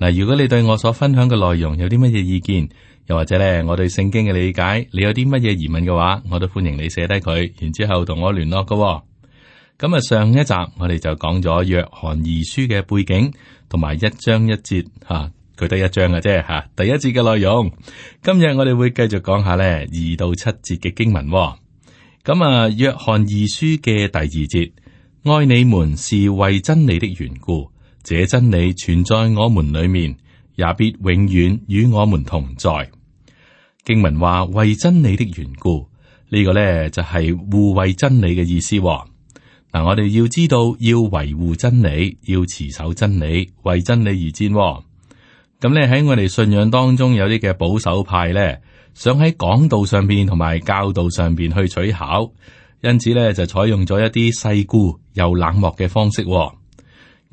嗱，如果你對我所分享嘅內容有啲乜嘢意見，又或者咧我對聖經嘅理解，你有啲乜嘢疑問嘅話，我都歡迎你寫低佢，然之後同我聯絡㗎。咁啊，上一集我哋就講咗約翰二書嘅背景，同埋一章一節吓，佢、啊、得一章嘅啫吓，第一節嘅內容。今日我哋會繼續講下咧二到七節嘅經文喎。咁啊，約翰二書嘅第二節，愛你們是為真理的緣故。這真理存在我們裏面，也必永遠與我們同在。經文話為真理的緣故，呢、這個呢就係、是、護衛真理嘅意思、哦。嗱、嗯，我哋要知道要維護真理，要持守真理，為真理而戰、哦。咁咧喺我哋信仰當中有啲嘅保守派呢，想喺講道上邊同埋教導上邊去取巧，因此呢，就採用咗一啲世故又冷漠嘅方式、哦。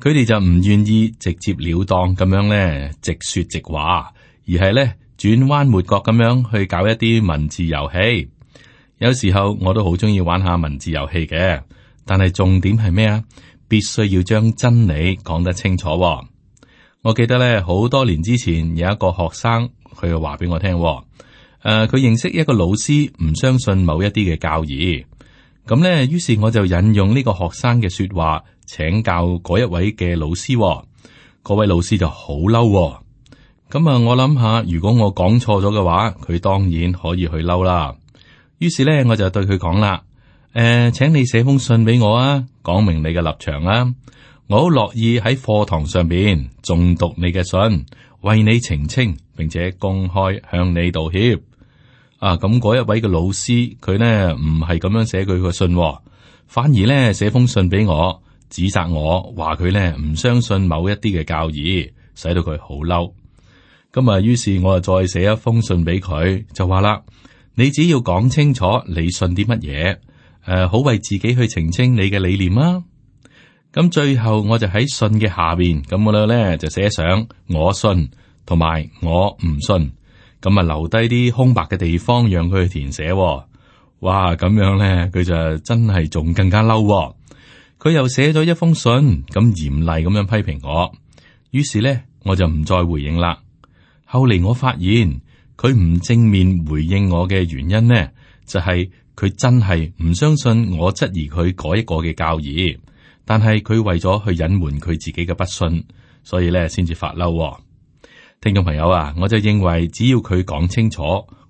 佢哋就唔願意直接了當咁樣咧直說直話，而係咧轉彎抹角咁樣去搞一啲文字遊戲。有時候我都好中意玩下文字遊戲嘅，但係重點係咩啊？必須要將真理講得清楚。我記得咧好多年之前有一個學生，佢話俾我聽，誒，佢認識一個老師，唔相信某一啲嘅教義。咁咧，於是我就引用呢個學生嘅說話。請教嗰一位嘅老師，哦，嗰位老師就好嬲，哦。咁、嗯、啊，我諗下，如果我講錯咗嘅話，佢當然可以去嬲啦。於是呢，我就對佢講啦：誒、呃，請你寫封信俾我啊，講明你嘅立場啦，啊。我好樂意喺課堂上邊重讀你嘅信，為你澄清，並且公開向你道歉。啊、咁、嗯、嗰一位嘅老師，佢呢唔係咁樣寫佢嘅信，哦，反而呢，寫封信俾我。指責我話佢咧唔相信某一啲嘅教義，使到佢好嬲。咁啊，於是我就再寫一封信俾佢，就話啦：你只要講清楚你信啲乜嘢，誒、啊，好為自己去澄清你嘅理念啊。咁最後我就喺信嘅下邊咁我嘅咧，就寫上我信同埋我唔信，咁啊留低啲空白嘅地方讓佢去填寫。哇，咁樣咧佢就真係仲更加嬲。佢又寫咗一封信，咁嚴厲咁樣批評我。於是呢，我就唔再回應啦。後嚟我發現佢唔正面回應我嘅原因呢，就係佢真係唔相信我質疑佢嗰一個嘅教義，但係佢為咗去隱瞞佢自己嘅不信，所以呢，先至發嬲喎。聽眾朋友啊，我就認為只要佢講清楚，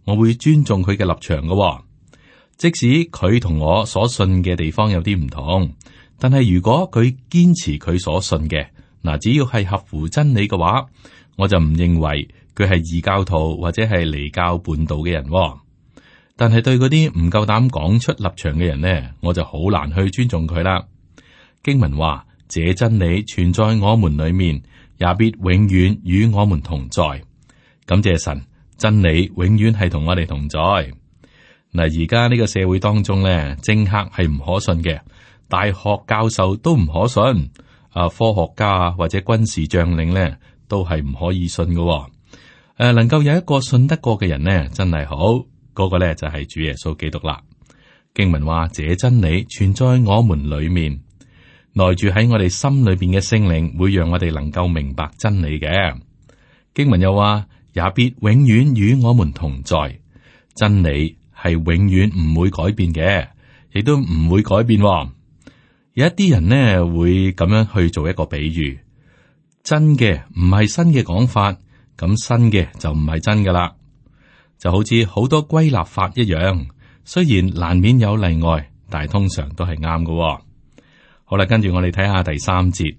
我會尊重佢嘅立場㗎喎，即使佢同我所信嘅地方有啲唔同。但係如果佢堅持佢所信嘅，嗱只要係合乎真理嘅話，我就唔認為佢係異教徒或者係離教叛道嘅人喎。但係對嗰啲唔夠膽講出立場嘅人呢，我就好難去尊重佢啦。經文話：這真理存在我們裏面，也必永遠與我們同在。感謝神，真理永遠係同我哋同在。嗱，而家呢個社會當中呢，政客係唔可信嘅。大學教授都唔可信，啊，科學家或者軍事將領咧都係唔可以信嘅，哦。誒、啊，能夠有一個信得過嘅人咧，真係好嗰個咧就係主耶穌基督啦。經文話：這真理存在我們裏面，內住喺我哋心裏邊嘅聖靈，會讓我哋能夠明白真理嘅。經文又話：也必永遠與我們同在，真理係永遠唔會改變嘅，亦都唔會改變，哦。有一啲人呢會咁樣去做一個比喻，真嘅唔係新嘅講法，咁新嘅就唔係真噶啦，就好似好多歸納法一樣，雖然難免有例外，但係通常都係啱噶。好啦，跟住我哋睇下第三節，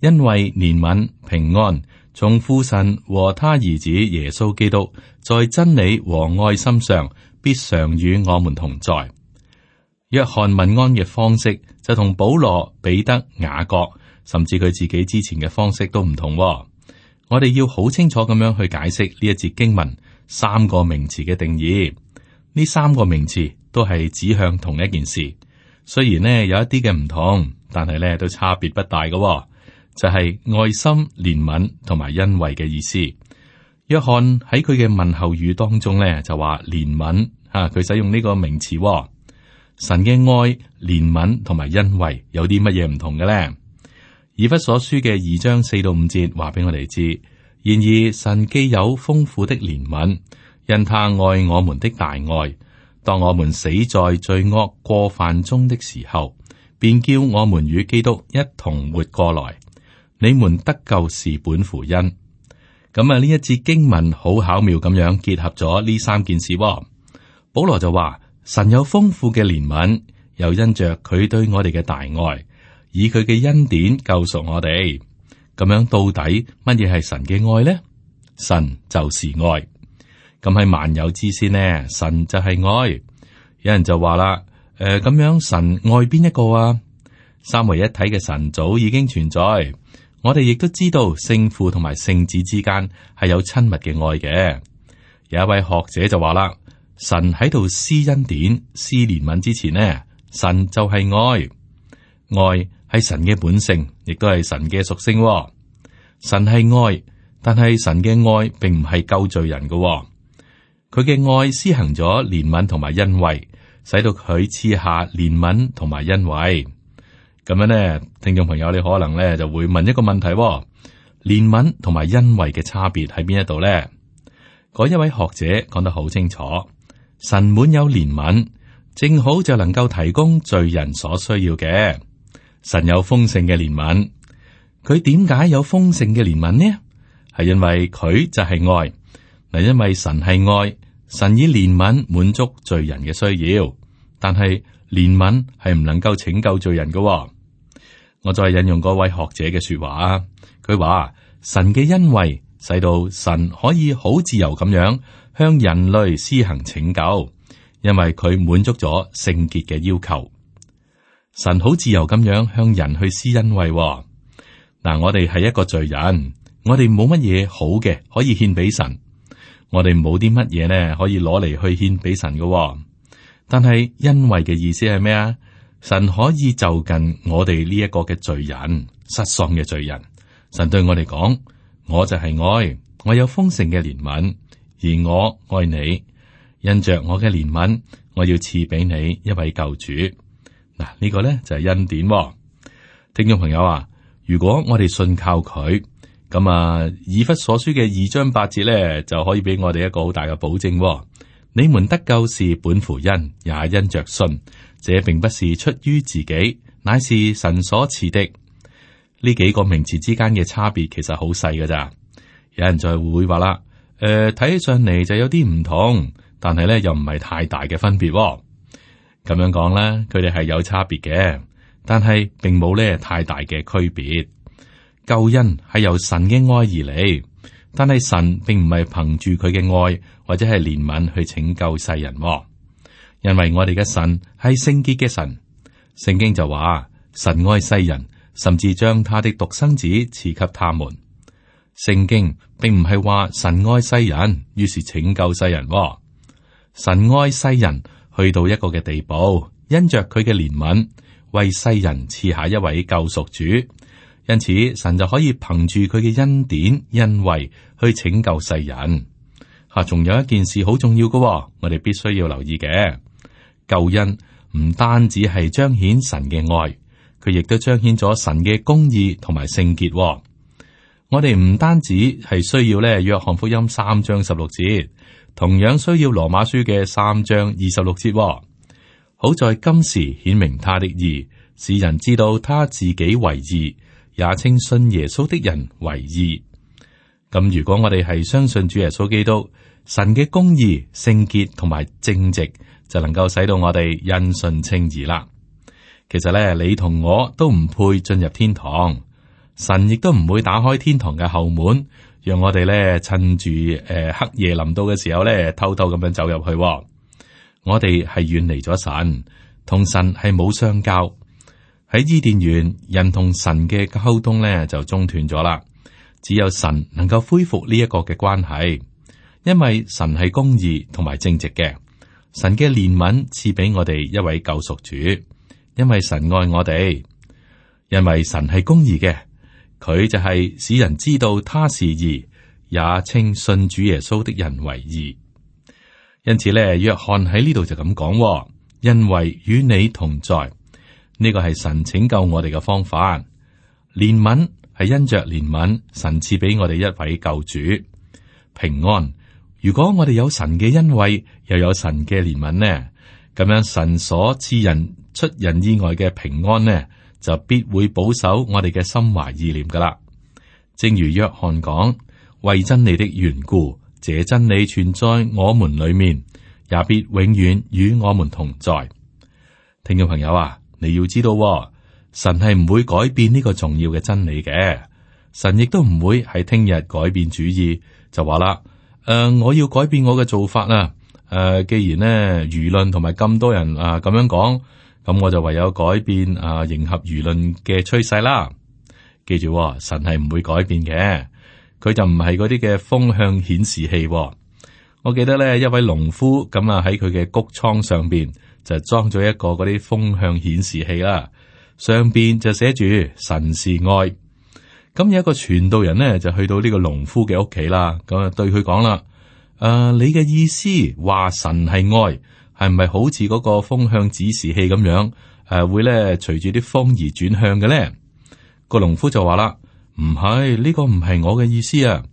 因為憐憫平安，從父神和他兒子耶穌基督，在真理和愛心上，必常與我們同在。約翰問安嘅方式就同保羅、彼得、雅各，甚至佢自己之前嘅方式都唔同哦。我哋要好清楚咁樣去解釋呢一節經文三個名詞嘅定義。呢三個名詞都係指向同一件事，雖然呢有一啲嘅唔同，但係呢都差別不大嘅哦，就係、是、愛心、憐憫同埋恩惠嘅意思。約翰喺佢嘅問候語當中呢，就話憐憫啊，佢使用呢個名詞哦。神嘅愛、憐憫同埋恩惠有啲乜嘢唔同嘅呢？以弗所書嘅二章四到五節話俾我哋知，然而神既有豐富的憐憫，因他愛我們的大愛，當我們死在罪惡過犯中的時候，便叫我們與基督一同活過來。你們得救是本乎恩。咁啊，呢一節經文好巧妙咁樣結合咗呢三件事。保羅就話。神有豐富嘅憐憫，又因着佢對我哋嘅大愛，以佢嘅恩典救贖我哋。咁樣到底乜嘢係神嘅愛呢？神就是愛。咁喺萬有之先呢，神就係愛。有人就話啦，誒、呃，咁樣神愛邊一個啊？三位一體嘅神早已經存在，我哋亦都知道聖父同埋聖子之間係有親密嘅愛嘅。有一位學者就話啦。神喺度施恩典、施憐憫之前呢，神就係愛，愛係神嘅本性，亦都係神嘅屬性。神係愛，但係神嘅愛並唔係救罪人嘅。佢嘅愛施行咗憐憫同埋恩惠，使到佢賜下憐憫同埋恩惠。咁樣呢，聽眾朋友你可能呢就會問一個問題，憐憫同埋恩惠嘅差別喺邊一度呢？嗰一位學者講得好清楚。神滿有憐憫，正好就能夠提供罪人所需要嘅。神有豐盛嘅憐憫，佢點解有豐盛嘅憐憫呢？係因為佢就係愛，嗱，因為神係愛，神以憐憫滿足罪人嘅需要。但係憐憫係唔能夠拯救罪人嘅。我再引用嗰位學者嘅說話，佢話神嘅恩惠，使到神可以好自由咁樣。向人類施行拯救，因為佢滿足咗聖潔嘅要求。神好自由咁樣向人去施恩惠、哦。嗱，我哋係一個罪人，我哋冇乜嘢好嘅可以獻俾神，我哋冇啲乜嘢呢可以攞嚟去獻俾神嘅、哦。但係恩惠嘅意思係咩啊？神可以就近我哋呢一個嘅罪人，失喪嘅罪人。神對我哋講，我就係愛，我有豐盛嘅憐憫。而我愛你，因着我嘅憐憫，我要賜俾你一位救主。嗱，這個，呢個咧就係、是、恩典、哦。聽眾朋友啊，如果我哋信靠佢，咁啊以弗所書嘅二章八節咧，就可以俾我哋一個好大嘅保證、哦。你們得救是本乎恩，也因着信。這並不是出於自己，乃是神所賜的。呢幾個名詞之間嘅差別其實好細噶咋？有人再會話啦。誒，睇，呃，起上嚟就有啲唔同，但係咧又唔係太大嘅分別，哦。咁樣講咧，佢哋係有差別嘅，但係並冇咧太大嘅區別。救恩係由神嘅愛而嚟，但係神並唔係憑住佢嘅愛或者係憐憫去拯救世人，哦，因為我哋嘅神係聖潔嘅神。聖經就話，神愛世人，甚至將他的獨生子賜給他們。聖經並唔係話神愛世人，於是拯救世人。神愛世人去到一個嘅地步，因着佢嘅憐憫，為世人賜下一位救贖主。因此，神就可以憑住佢嘅恩典、恩惠去拯救世人。吓、啊，仲有一件事好重要嘅，我哋必須要留意嘅，救恩唔單止係彰顯神嘅愛，佢亦都彰顯咗神嘅公義同埋聖潔。我哋唔單止係需要咧，約翰福音三章十六節，同樣需要羅馬書嘅三章二十六節哦。好在今時顯明他的義，使人知道他自己為義，也稱信耶穌的人為義。咁如果我哋係相信主耶穌基督，神嘅公義、聖潔同埋正直就能夠使到我哋因信稱義啦。其實咧，你同我都唔配進入天堂。神亦都唔會打開天堂嘅後門，讓我哋咧趁住誒黑夜臨到嘅時候咧，偷偷咁樣走入去。我哋係遠離咗神，同神係冇相交。喺伊甸園，人同神嘅溝通咧就中斷咗啦。只有神能夠恢復呢一個嘅關係，因為神係公義同埋正直嘅。神嘅憐憫賜俾我哋一位救贖主，因為神愛我哋，因為神係公義嘅。佢就係使人知道他是義，也稱信主耶穌的人為義。因此咧，約翰喺呢度就咁講，因為與你同在，呢、這個係神拯救我哋嘅方法。憐憫係因着憐憫，神賜俾我哋一位救主平安。如果我哋有神嘅恩惠，又有神嘅憐憫呢，咁樣神所賜人出人意外嘅平安呢，就必會保守我哋嘅心懷意念噶啦，正如約翰講，為真理的緣故，這真理存在我們裏面，也必永遠與我們同在。聽眾朋友啊，你要知道、哦，神係唔會改變呢個重要嘅真理嘅，神亦都唔會喺聽日改變主意，就話啦，誒、呃，我要改變我嘅做法啦，誒、呃，既然呢，輿論同埋咁多人啊咁樣講。咁我就唯有改變啊，迎合輿論嘅趨勢啦。記住哦，神係唔會改變嘅，佢就唔係嗰啲嘅風向顯示器哦。我記得咧，一位農夫咁啊喺佢嘅穀倉上邊就裝咗一個嗰啲風向顯示器啦，上邊就寫住神是愛。咁有一個傳道人咧就去到呢個農夫嘅屋企啦，咁啊對佢講啦，誒，你嘅意思話神係愛。係唔係好似嗰個風向指示器咁樣？誒、啊，會咧隨住啲風而轉向嘅咧。個農夫就話啦：唔係呢個唔係我嘅意思啊，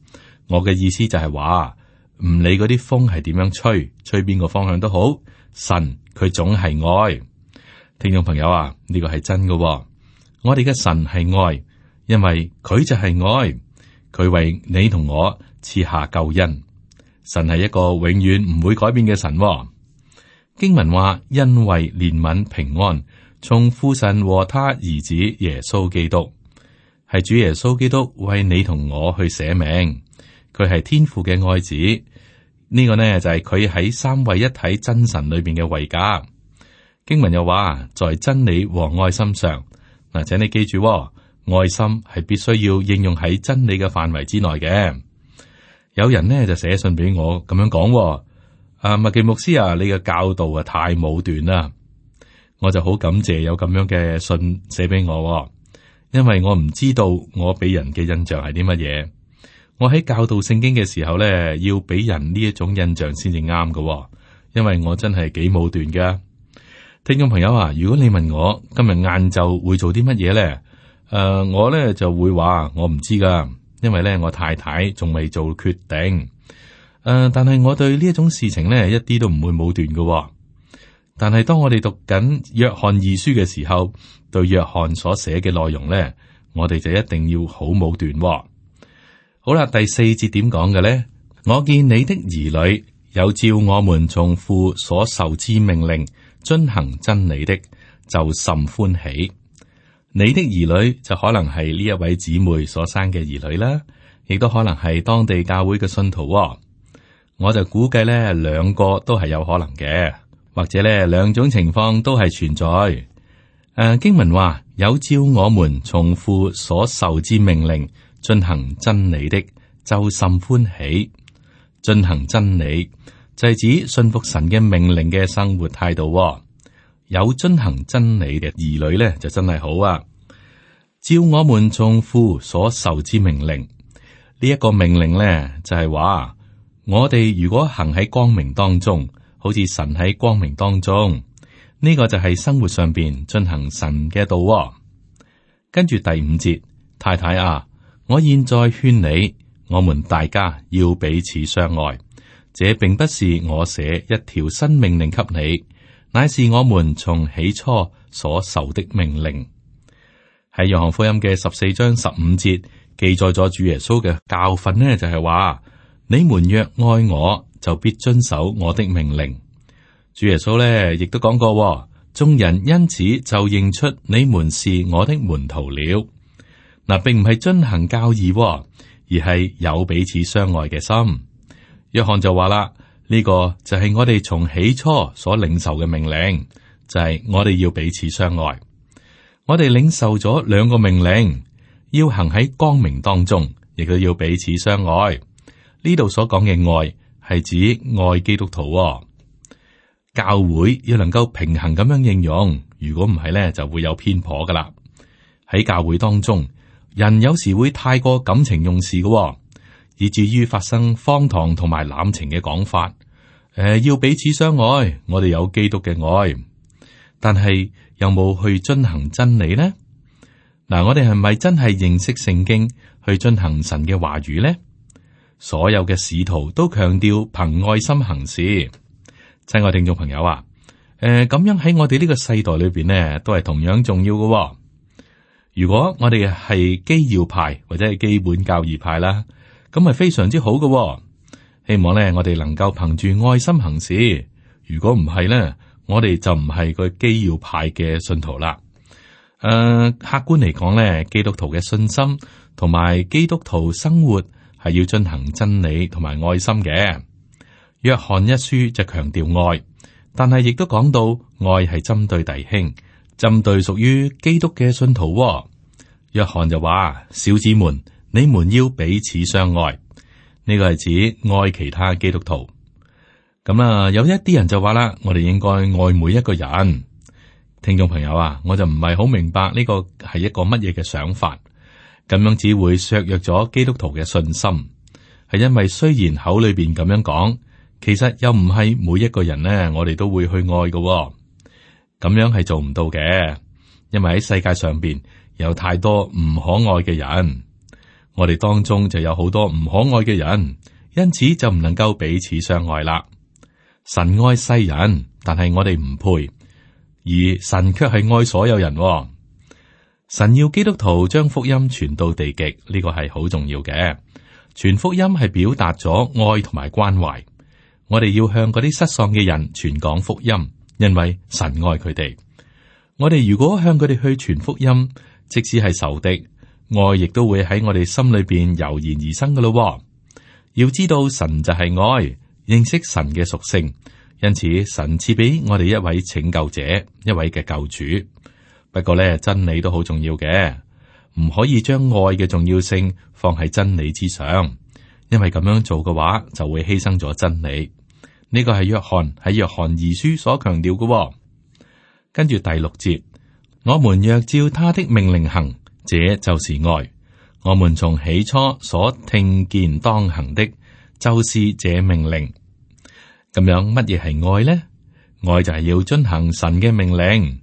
我嘅意思就係話唔理嗰啲風係點樣吹，吹邊個方向都好，神佢總係愛。聽眾朋友啊。呢個係真噶、哦，我哋嘅神係愛，因為佢就係愛，佢為你同我賜下救恩。神係一個永遠唔會改變嘅神、哦。經文話，因為憐憫平安，從父神和他兒子耶穌基督，係主耶穌基督為你同我去寫名，佢係天父嘅愛子，呢個呢就係佢喺三位一體真神裏邊嘅位格。經文又話，在真理和愛心上，嗱，請你記住，愛心係必須要應用喺真理嘅範圍之內嘅。有人呢就寫信俾我咁樣講。啊，麥基牧師啊，你嘅教導啊太武斷啦，我就好感謝有咁樣嘅信寫俾我，哦，因為我唔知道我俾人嘅印象係啲乜嘢，我喺教導聖經嘅時候咧，要俾人呢一種印象先至啱嘅，因為我真係幾武斷嘅。聽眾朋友啊，如果你問我今日晏晝會做啲乜嘢咧，誒、呃，我咧就會話我唔知噶，因為咧我太太仲未做決定。但係我對呢一種事情呢，一啲都唔會武斷嘅、哦。但係當我哋讀緊約翰二書嘅時候，對約翰所寫嘅內容呢，我哋就一定要好武斷、哦。好啦，第四節點講嘅呢？我見你的兒女有照我們從父所受之命令遵行真理的，就甚歡喜。你的兒女就可能係呢一位姊妹所生嘅兒女啦，亦都可能係當地教會嘅信徒、哦。我就估計呢兩個都係有可能嘅，或者呢兩種情況都係存在。誒、啊，經文話有照我們從父所受之命令進行真理的，就甚歡喜。進行真理，就係、是、指信服神嘅命令嘅生活態度、哦。有遵行真理嘅兒女呢，就真係好啊。照我們從父所受之命令，呢、這、一個命令呢，就係、是、話。我哋如果行喺光明當中，好似神喺光明當中，呢、這個就係生活上邊進行神嘅道、哦。跟住第五節，太太啊，我現在勸你，我們大家要彼此相愛。這並不是我寫一條新命令給你，乃是我們從起初所受的命令。喺約翰福音嘅十四章十五節記載咗主耶穌嘅教訓呢，就係話。你們若愛我，就必遵守我的命令。主耶穌咧，亦都講過，眾人因此就認出你們是我的門徒了。嗱，並唔係遵行教義，而係有彼此相愛嘅心。約翰就話啦，呢、這個就係我哋從起初所領受嘅命令，就係、是、我哋要彼此相愛。我哋領受咗兩個命令，要行喺光明當中，亦都要彼此相愛。呢度所講嘅愛係指愛基督徒、哦，教會要能夠平衡咁樣應用。如果唔係咧，就會有偏頗噶啦。喺教會當中，人有時會太過感情用事嘅、哦，以至於發生荒唐同埋濫情嘅講法。誒、呃，要彼此相愛，我哋有基督嘅愛，但係有冇去遵行真理呢？嗱，我哋係咪真係認識聖經去遵行神嘅話語呢？所有嘅使徒都強調憑愛心行事，親愛聽眾朋友啊，誒、呃、咁樣喺我哋呢個世代裏邊呢，都係同樣重要嘅、哦。如果我哋係基要派或者係基本教義派啦，咁係非常之好嘅、哦。希望呢，我哋能夠憑住愛心行事。如果唔係呢，我哋就唔係個基要派嘅信徒啦。誒、呃，客觀嚟講呢，基督徒嘅信心同埋基督徒生活。係要進行真理同埋愛心嘅。約翰一書就強調愛，但係亦都講到愛係針對弟兄，針對屬於基督嘅信徒哦。約翰就話：小子們，你們要彼此相愛。呢個係指愛其他基督徒。咁啊，有一啲人就話啦，我哋應該愛每一個人。聽眾朋友啊，我就唔係好明白呢個係一個乜嘢嘅想法。咁樣只會削弱咗基督徒嘅信心，係因為雖然口裏邊咁樣講，其實又唔係每一個人呢，我哋都會去愛嘅喎。咁樣係做唔到嘅，因為喺世界上邊有太多唔可愛嘅人，我哋當中就有好多唔可愛嘅人，因此就唔能夠彼此相愛啦。神愛世人，但係我哋唔配，而神卻係愛所有人喎。神要基督徒將福音傳到地極，呢個係好重要嘅。傳福音係表達咗愛同埋關懷，我哋要向嗰啲失喪嘅人傳講福音，因為神愛佢哋。我哋如果向佢哋去傳福音，即使係仇敵，愛亦都會喺我哋心裏邊油然而生嘅咯。要知道神就係愛，認識神嘅屬性，因此神賜俾我哋一位拯救者，一位嘅救主。不過咧，真理都好重要嘅，唔可以將愛嘅重要性放喺真理之上，因為咁樣做嘅話就會犧牲咗真理。呢個係約翰喺約翰二書所強調嘅。跟住第六節，我們若照他的命令行，這就是愛。我們從起初所聽見當行的，就是這命令。咁樣乜嘢係愛呢？愛就係要遵行神嘅命令。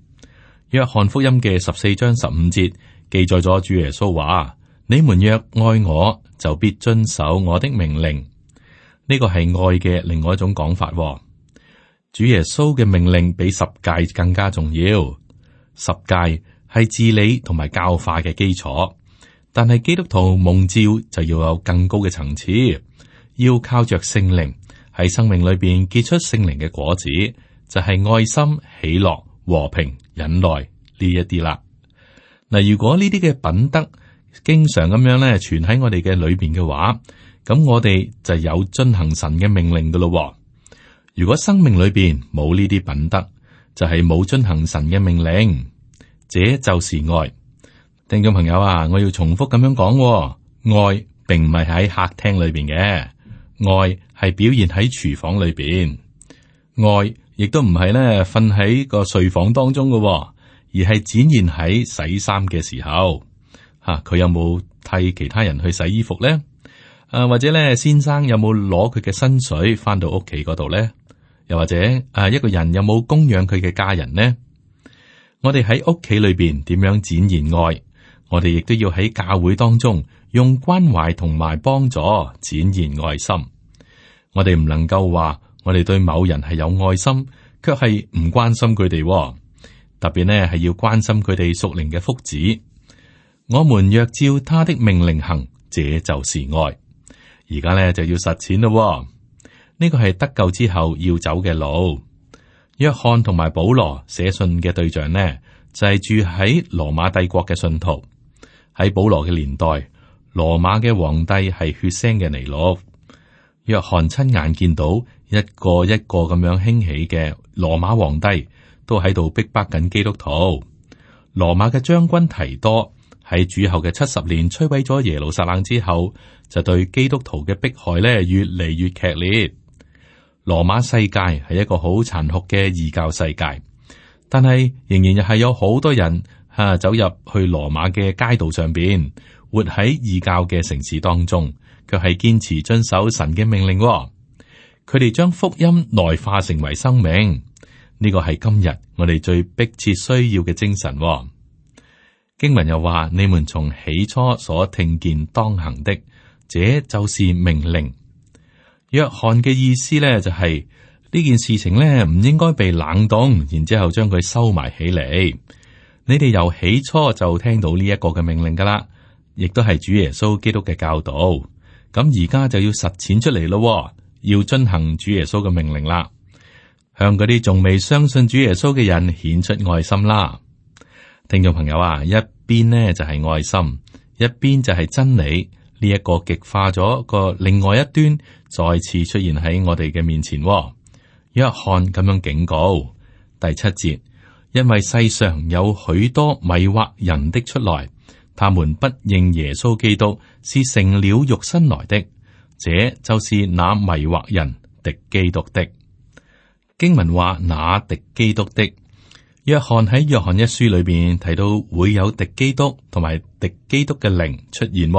約翰福音嘅十四章十五節記載咗主耶穌話：你們若愛我，就必遵守我的命令。呢個係愛嘅另外一種講法。主耶穌嘅命令比十誡更加重要。十誡係治理同埋教化嘅基礎，但係基督徒蒙召就要有更高嘅層次，要靠着聖靈喺生命裏邊結出聖靈嘅果子，就係、是、愛心喜樂、和平、忍耐呢一啲啦，嗱，如果呢啲嘅品德經常咁樣咧，存喺我哋嘅裏邊嘅話，咁我哋就有遵行神嘅命令噶咯。如果生命裏邊冇呢啲品德，就係、是、冇遵行神嘅命令，這就是愛。聽眾朋友啊，我要重複咁樣講，愛並唔係喺客廳裏邊嘅，愛係表現喺廚房裏邊，愛。亦都唔係咧瞓喺個睡房當中嘅，而係展現喺洗衫嘅時候，吓、啊、佢有冇替其他人去洗衣服咧？誒、啊，或者咧，先生有冇攞佢嘅薪水翻到屋企嗰度咧？又或者誒、啊，一個人有冇供養佢嘅家人呢？我哋喺屋企裏邊點樣展現愛？我哋亦都要喺教會當中用關懷同埋幫助展現愛心。我哋唔能夠話。我哋對某人係有愛心，卻係唔關心佢哋、哦，特別呢係要關心佢哋屬靈嘅福祉。我們若照他的命令行，這就是愛。而家呢，就要實踐咯、哦，呢、這個係得救之後要走嘅路。約翰同埋保羅寫信嘅對象呢，就係、是、住喺羅馬帝國嘅信徒。喺保羅嘅年代，羅馬嘅皇帝係血腥嘅尼禄。約翰親眼見到。一個一個咁樣興起嘅羅馬皇帝都喺度逼迫緊基督徒。羅馬嘅將軍提多喺主後嘅七十年摧毀咗耶路撒冷之後，就對基督徒嘅迫害呢，越嚟越劇烈。羅馬世界係一個好殘酷嘅異教世界，但係仍然又係有好多人吓走入去羅馬嘅街道上邊，活喺異教嘅城市當中，卻係堅持遵守神嘅命令，哦。佢哋將福音內化成為生命，呢個係今日我哋最迫切需要嘅精神。經文又話：你們從起初所聽見當行的，這就是命令。約翰嘅意思咧、就是，就係呢件事情咧，唔應該被冷凍，然之後將佢收埋起嚟。你哋由起初就聽到呢一個嘅命令噶啦，亦都係主耶穌基督嘅教導。咁而家就要實踐出嚟咯。要遵行主耶穌嘅命令啦，向嗰啲仲未相信主耶穌嘅人顯出愛心啦。聽眾朋友啊，一邊呢就係愛心，一邊就係真理，呢、這、一個極化咗個另外一端再次出現喺我哋嘅面前。約翰咁樣警告，第七節，因為世上有許多迷惑人的出來，他們不認耶穌基督是成了肉身來的。這就是那迷惑人敵基督的經文話，那敵基督的約翰喺約翰一書裏邊提到會有敵基督同埋敵基督嘅靈出現。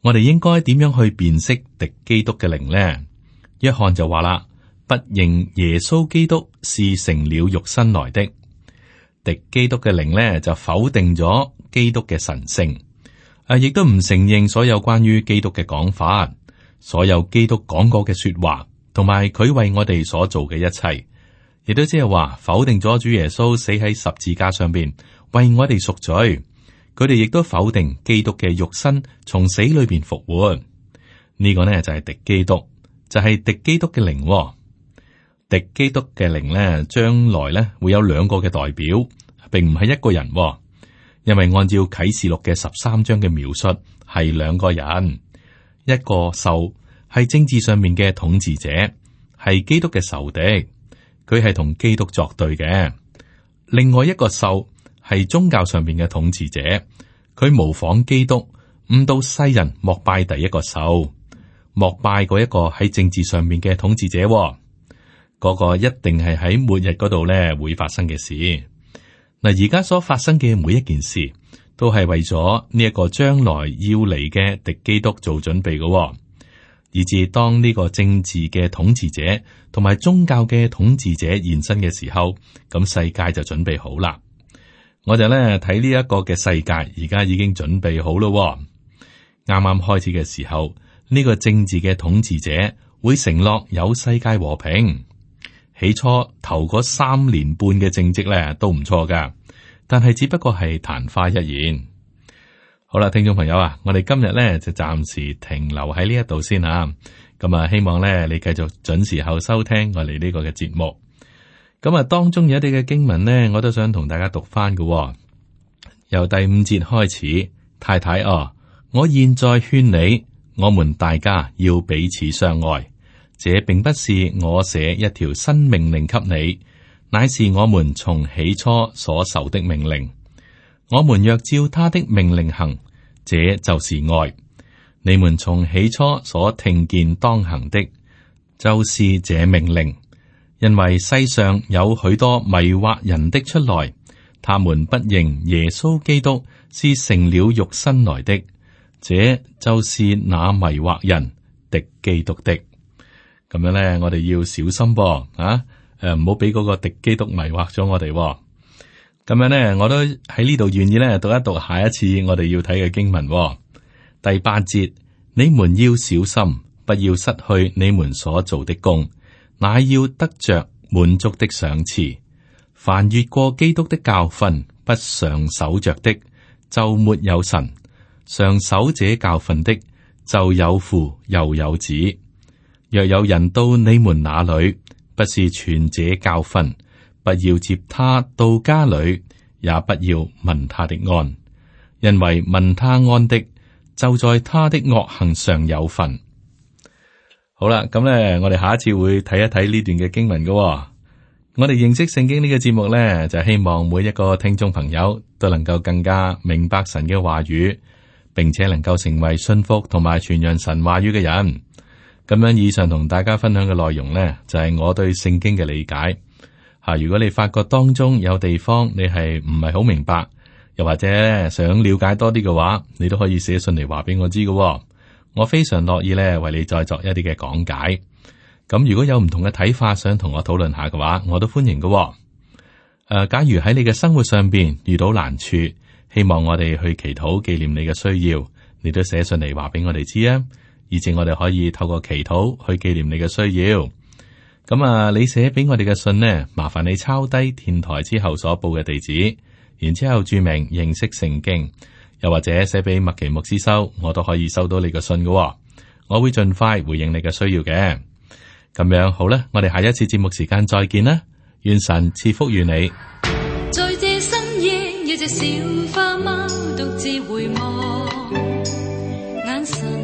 我哋應該點樣去辨識敵基督嘅靈咧？約翰就話啦，不認耶穌基督是成了肉身來的敵基督嘅靈咧，就否定咗基督嘅神聖，誒，亦都唔承認所有關於基督嘅講法。所有基督講過嘅說話，同埋佢為我哋所做嘅一切，亦都即係話否定咗主耶穌死喺十字架上邊為我哋贖罪。佢哋亦都否定基督嘅肉身從死裏邊復活。呢、呢個呢，就係敵基督，就係、是、敵基督嘅靈。敵基督嘅靈呢，將來呢會有兩個嘅代表，並唔係一個人。因為按照啟示錄嘅十三章嘅描述，係兩個人。一個獸係政治上面嘅統治者，係基督嘅仇敵，佢係同基督作對嘅。另外一個獸係宗教上面嘅統治者，佢模仿基督，誤導世人膜拜第一個獸，膜拜嗰一個喺政治上面嘅統治者。嗰個一定係喺末日嗰度咧會發生嘅事。嗱，而家所發生嘅每一件事，都係為咗呢一個將來要嚟嘅敵基督做準備嘅，哦，以至當呢個政治嘅統治者同埋宗教嘅統治者現身嘅時候，咁世界就準備好啦。我哋咧睇呢一個嘅世界，而家已經準備好咯。啱啱開始嘅時候，呢、呢個政治嘅統治者會承諾有世界和平。起初頭嗰三年半嘅政績咧都唔錯噶。但係只不過係曇花一現。好啦，聽眾朋友啊，我哋今日咧就暫時停留喺呢一度先吓。咁啊，希望咧你繼續準時候收聽我哋呢個嘅節目。咁啊，當中有一啲嘅經文咧，我都想同大家讀翻嘅。由第五節開始，太太哦，我現在勸你，我們大家要彼此相愛。這並不是我寫一條新命令給你。乃是我們從起初所受的命令，我們若照他的命令行，這就是愛。你們從起初所聽見當行的，就是這命令。因為世上有許多迷惑人的出來，他們不認耶穌基督是成了肉身來的，這就是那迷惑人的基督的。咁樣呢，我哋要小心噃啊！誒，唔好俾嗰個敵基督迷惑咗我哋喎。咁樣呢，我都喺呢度願意呢讀一讀下一次我哋要睇嘅經文喎。第八節，你們要小心，不要失去你們所做的工，乃要得着滿足的賞賜。凡越過基督的教訓不常守着的，就沒有神；常守這教訓的，就有父又有子。若有人到你們那裏，不是傳這教訓，不要接他到家裏，也不要問他的安，因為問他安的，就在他的惡行上有份。好啦，咁呢，我哋下一次會睇一睇呢段嘅經文噶喎。我哋認識聖經呢個節目呢，就希望每一個聽眾朋友都能夠更加明白神嘅話語，並且能夠成為信服同埋傳揚神話語嘅人。咁樣以上同大家分享嘅內容呢，就係我對聖經嘅理解吓。如果你發覺當中有地方你係唔係好明白，又或者想了解多啲嘅話，你都可以寫信嚟話俾我知嘅。我非常樂意咧，為你再作一啲嘅講解。咁如果有唔同嘅睇法，想同我討論下嘅話，我都歡迎嘅。誒，假如喺你嘅生活上邊遇到難處，希望我哋去祈禱紀念你嘅需要，你都寫信嚟話俾我哋知啊。以前我哋可以透過祈禱去紀念你嘅需要。咁啊，你寫俾我哋嘅信呢，麻煩你抄低電台之後所報嘅地址，然之後注明認識聖經，又或者寫俾麥奇牧師收，我都可以收到你嘅信嘅，哦。我會盡快回應你嘅需要嘅。咁樣好啦，我哋下一次節目時間再見啦。願神賜福於你。在這